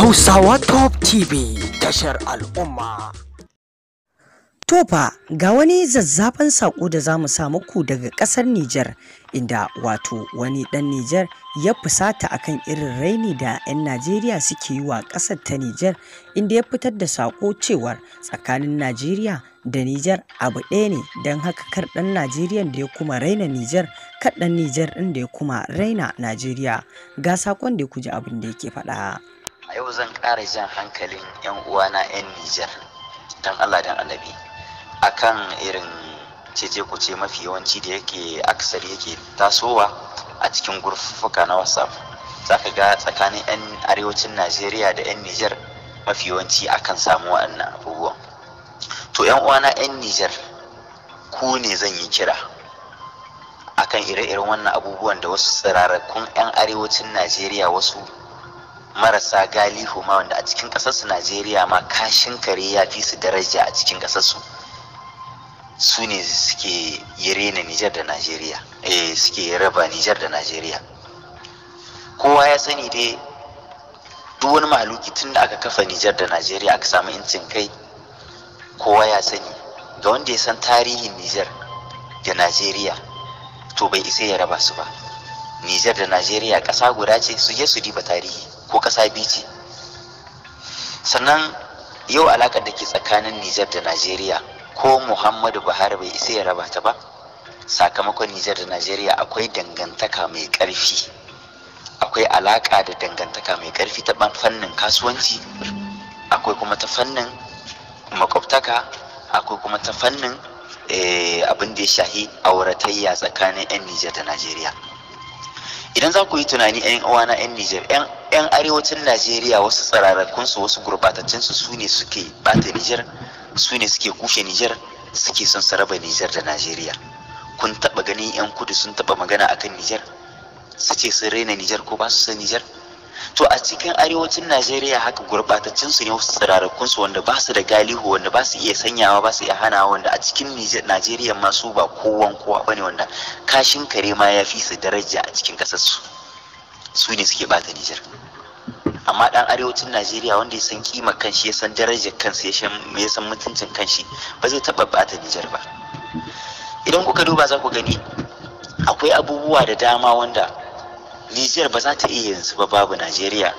Hausawa Top TV tashar al'umma. Tofa ga wani zazzafan saƙo da za mu sa muku daga ƙasar Nijar inda wato wani ɗan Nijar ya fusata a kan irin raini da 'yan Najeriya suke yi wa ƙasar ta Nijar inda ya fitar da saƙo cewar tsakanin Najeriya da Nijar abu ɗaya ne don haka kar ɗan Najeriya da ya kuma raina Nijar kar ɗan Nijar ɗin da ya kuma raina Najeriya ga saƙon da ya kuji abin da yake faɗa. yau zan ƙara jan hankalin 'yan uwana 'yan Nijar don Allah don Annabi akan irin cece ce mafi yawanci da yake aksari yake tasowa a cikin gurfuka na WhatsApp za ka ga tsakanin 'yan arewacin Najeriya da 'yan Nijar mafi yawanci akan samu wa'annan abubuwan to 'yan uwana 'yan Nijar ku ne zan yi kira akan ire-iren wannan abubuwan da wasu tsirarakun 'yan arewacin Najeriya wasu marasa galihu ma wanda a cikin ƙasarsu najeriya ma kashin kare ya fi su daraja a cikin ƙasarsu su ne suke yare na nijar da najeriya eh suke raba nijar da najeriya kowa ya sani dai duk wani maluki tun da aka kafa nijar da najeriya aka samu incin kai kowa ya sani ga wanda ya san tarihin nijar da najeriya to bai isa ya raba su ba nijar da najeriya ƙasa guda ce su je su diba tarihi ko ƙasa biyu ce sannan yau alaƙar da ke tsakanin nijar da najeriya ko muhammadu buhari bai isa ya raba ta ba sakamakon nijar da najeriya akwai dangantaka mai ƙarfi akwai alaƙa da dangantaka mai ƙarfi ta fannin kasuwanci akwai kuma ta fannin makwabtaka akwai kuma ta fannin eh, abin da ya shahi auratayya tsakanin 'yan nijar da najeriya idan za ku yi tunani yan na yan Nijar yan arewacin Najeriya wasu tsararrakun su wasu gurbatattun su ne suke bata Nijar ne suke kushe Nijar suke son su raba Nijar da Najeriya kun taba ganin yan kudu sun taba magana akan Nijar su ce sun raina Nijar ko ba su san Nijar to a cikin arewacin najeriya haka gurbataccen su ne wasu su wanda ba su da galihu wanda ba su iya sanyawa ba su iya hanawa wanda a cikin najeriya ma ba kowan kowa bane wanda kashin kare ma ya fi su daraja a cikin kasar su su ne suke bata nijar amma dan arewacin najeriya wanda ya san kima kanshi ya san darajar kansa ya san mutuncin kanshi ba zai taba bata nijar ba idan kuka duba za ku gani akwai abubuwa da dama wanda Nijar ba za ta iya yanzu ba babu Najeriya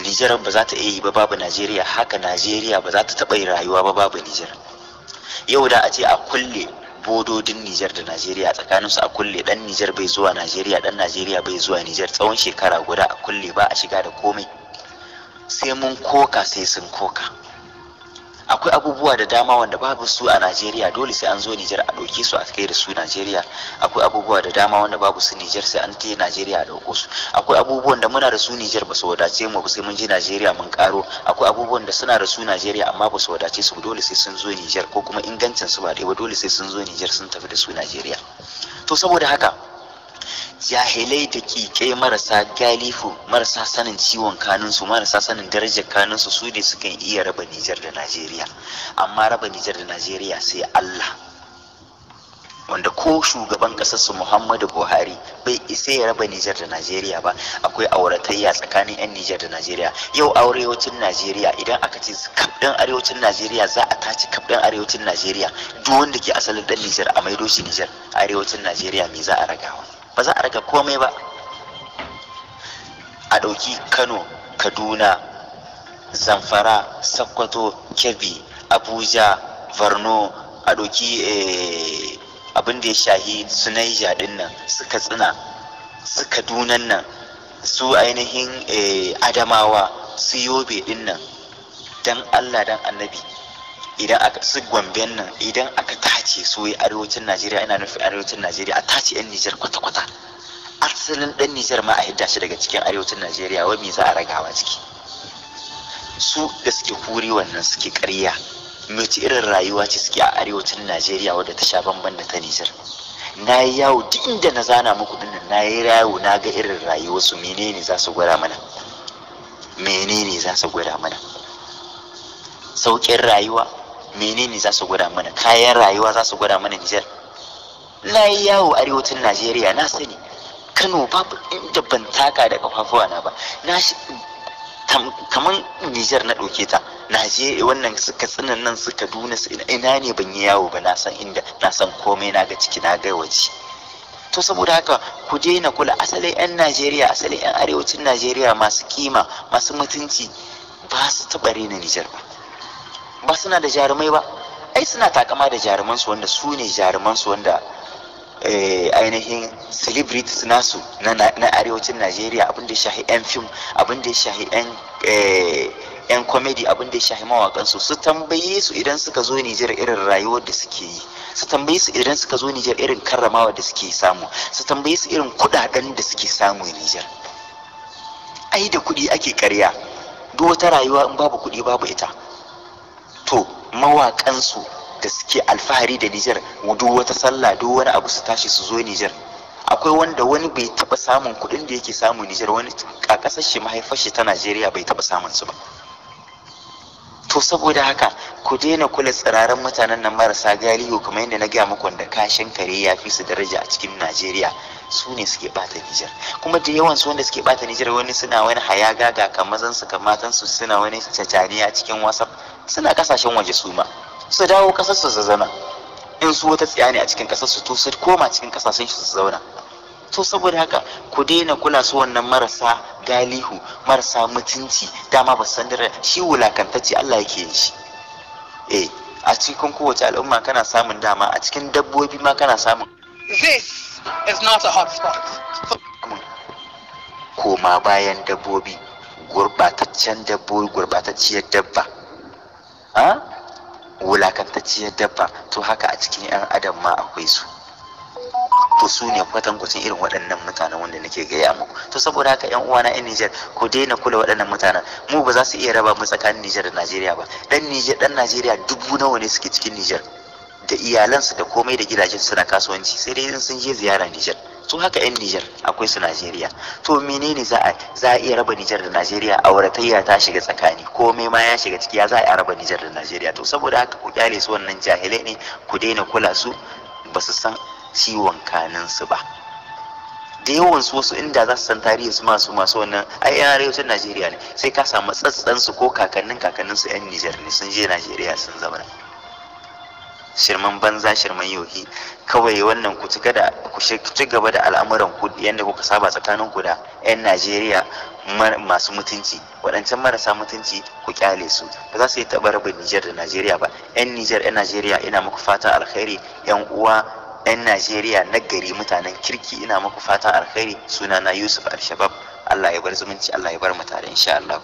Nijar ba za ta iya yi ba babu Najeriya haka Najeriya ba za ta taɓa yi rayuwa ba babu Nijar yau da a ce a kulle bododin Nijar da Najeriya tsakanin su a kulle ɗan Nijar bai zuwa Najeriya dan Najeriya bai zuwa Nijar tsawon shekara guda a kulle ba a shiga da komai sai mun koka sai sun koka akwai abubuwa da dama wanda babu su a Najeriya dole sai an zo Nijar a ɗauke su a kai da su Najeriya akwai abubuwa da dama wanda babu su Nijar sai an je Najeriya a ɗauko su akwai abubuwan da muna da su Nijar ba su wadace mu sai mun je Najeriya mun karo akwai abubuwan da suna da su Najeriya amma ba su wadace su dole sai sun zo Nijar ko kuma ingancin su ba dai ba dole sai sun zo Nijar sun tafi da su Najeriya to saboda haka jahilai da kike marasa galifu marasa sanin ciwon su marasa sanin darajar kanun su ne suke iya raba nijar da najeriya amma raba nijar da najeriya sai allah wanda ko shugaban ƙasarsu muhammadu buhari bai isa ya raba nijar da najeriya ba akwai auratayya tsakanin 'yan nijar da najeriya yau arewacin najeriya idan aka ce kabdan arewacin najeriya za a tace kabdan arewacin najeriya duk wanda ke asalin ɗan nijar a maido nijar arewacin najeriya me za a ragawa ba za a rage komai ba a ɗauki kano kaduna zamfara Sakwato, kebbi abuja varno a ɗauki eh, abin da ya shahi su naija nan su katsina su kadunan nan su ainihin eh, adamawa su yobe ɗin nan don allah don annabi idan aka su gwamben nan idan aka tace yi arewacin najeriya ina nufi arewacin najeriya a tace yan nijar kwata-kwata asalin dan nijar ma a hidda shi daga cikin arewacin najeriya wai me za a ragawa ciki su da suke kuri wannan suke karya mace irin rayuwa ce suke a arewacin najeriya wadda ta sha bamban da ta nijar na yi yawo duk inda na zana muku ɗinnan, na yi yawo na ga irin rayuwarsu menene za su gwada mana menene za su gwada mana sauƙin rayuwa menene za su gwada mana kayan rayuwa za su gwada mana Nijar na yi yawo arewacin Najeriya na sani Kano babu inda ban taka da kafafuwa na ba na kaman Nijar na ɗauke ta Najeriya wannan suka tsinan nan suka duna su ina ne ban yi yawo ba na san inda na san komai na ga ciki na ga waje to saboda haka ku na kula asalin 'yan Najeriya asalin 'yan arewacin Najeriya masu kima masu mutunci ba su taɓa na Nijar ba ba suna da jarumai ba ai suna takama da jarumansu wanda su ne jarumansu wanda eh, ainihin celebrities nasu na arewacin najeriya abin da ya shahi 'yan fim abin da ya shahi 'yan eh, comedy abin da ya shahi mawakansu su tambaye su idan suka zo nijar irin rayuwar da suke yi su tambaye su idan suka zo nijar irin karramawa da suke samu su tambaye su irin kudaden da suke samu nijar ai da kudi ake karya duk wata rayuwa in babu kudi babu ita to mawakansu da suke alfahari da Nijar duk wata sallah duk wani abu su tashi su zo Nijar akwai wanda wani bai taba samun kuɗin da yake samu Nijar wani a ƙasar shi mahaifar shi ta Najeriya bai taba samun su ba to saboda haka ku daina kula tsiraran mutanen nan marasa galihu kamar yadda na gaya muku da kashin kare ya fi su daraja a cikin Najeriya su ne suke bata Nijar kuma da yawan su wanda suke bata Nijar wani suna wani hayagaga kamar zansu kamar matansu suna wani cacaniya cikin WhatsApp suna kasashen waje su ma su dawo kasar su zama. in su wata tsiyani a cikin kasar su to su koma cikin kasashen su zauna to saboda haka ku daina kula su wannan marasa galihu marasa mutunci dama ba san dare shi wulakantacce Allah yake yin shi eh a cikin kowace al'umma kana samun dama a cikin dabbobi ma kana samun this is not a hotspot koma bayan dabbobi gurbataccen dabbobi gurbatacciyar dabba a wulakantacciyar dabba to haka a cikin 'yan adam ma akwai su to su ne kwatankwacin irin waɗannan mutanen wanda nake gaya muku to saboda haka yan uwana yan Nijar ku daina kula waɗannan mutanen mu ba za su iya raba mu tsakanin Nijar da Najeriya ba dan Nijar dan Najeriya dubu nawa ne suke cikin Nijar da iyalansu da komai da gidajen suna kasuwanci sai dai sun je ziyara Nijar su haka yan Nijar akwai su Najeriya to menene za a za iya raba Nijar da Najeriya auratayya ta shiga tsakani komai ma ya shiga ciki ya za a iya raba Nijar da Najeriya to saboda haka ku kyale su wannan jahilai ne ku daina kula su ba su san ciwon kanin su ba da yawan su wasu inda za su san tarihin su masu masu wannan ai yan arewacin Najeriya ne sai ka samu tsatsan su ko kakannin kakannin su yan Nijar ne sun je Najeriya sun zama shirman banza shirman yohi kawai wannan ku ci gaba da al'amuran ku yadda kuka saba tsakanin ku da 'yan najeriya masu mutunci waɗancan marasa mutunci ku kyale su ba za su yi taɓa rabin nijar da najeriya ba 'yan nijar 'yan najeriya ina muku fata alkhairi 'yan uwa 'yan najeriya na gari mutanen kirki ina muku fata alkhairi sunana yusuf al-shabab allah ya bar zumunci allah ya bar mu tare insha allah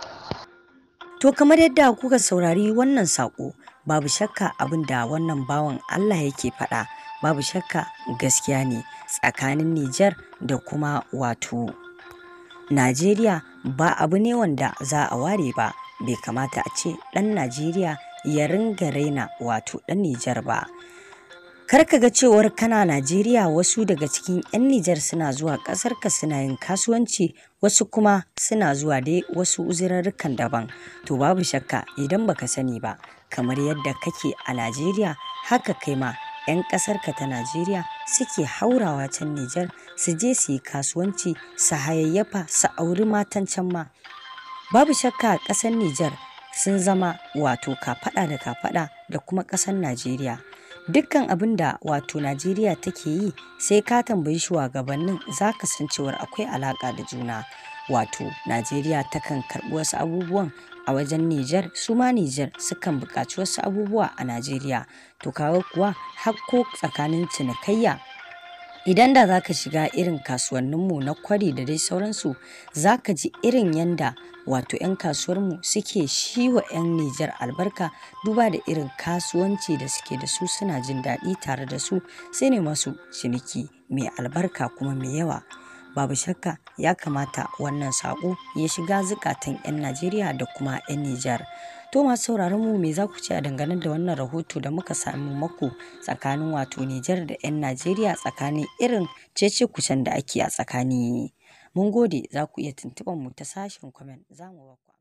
to kamar yadda kuka saurari wannan sako. babu shakka abin da wannan bawan Allah yake faɗa babu shakka gaskiya ne tsakanin Nijar da kuma wato Najeriya ba abu ne wanda za a ware ba bai kamata a ce ɗan Najeriya ya ringa raina wato ɗan Nijar ba Kar ka ga cewar kana Najeriya wasu daga cikin 'yan Nijar suna zuwa kasar ka suna yin kasuwanci wasu kuma suna zuwa dai wasu uzurarrukan daban. To babu shakka idan baka sani ba kamar yadda kake a Najeriya haka kai ma 'yan kasar ka ta Najeriya suke haurawa can Nijar su je su yi kasuwanci su hayayyafa su auri matan can ma. Babu shakka a kasar Nijar sun zama wato kafaɗa da kafaɗa da kuma kasar Najeriya. dukkan abin da wato najeriya take yi sai ka tambayi shugabannin za ka san cewar akwai alaka da juna wato najeriya takan karɓi wasu abubuwan a wajen Nijar? su ma sukan buƙaci wasu abubuwa a najeriya to kawo kuwa hakko tsakanin cinikayya idan da za ka shiga irin kasuwanninmu na kwari da dai sauransu za ka ji irin yanda wato 'yan kasuwarmu suke shi wa 'yan nijar albarka duba da irin kasuwanci da suke da su suna jin daɗi tare da su sai ne masu ciniki mai albarka kuma mai yawa babu shakka ya kamata wannan saƙo ya shiga zukatan 'yan najeriya da kuma 'yan nijar to masu sauraron mu me za ku ce a dangane da wannan rahoto da muka samu mako tsakanin wato nijar da 'yan najeriya tsakanin irin cece kucen da ake a tsakani mun gode za ku iya tuntuɓar mu ta sashen kwamen za mu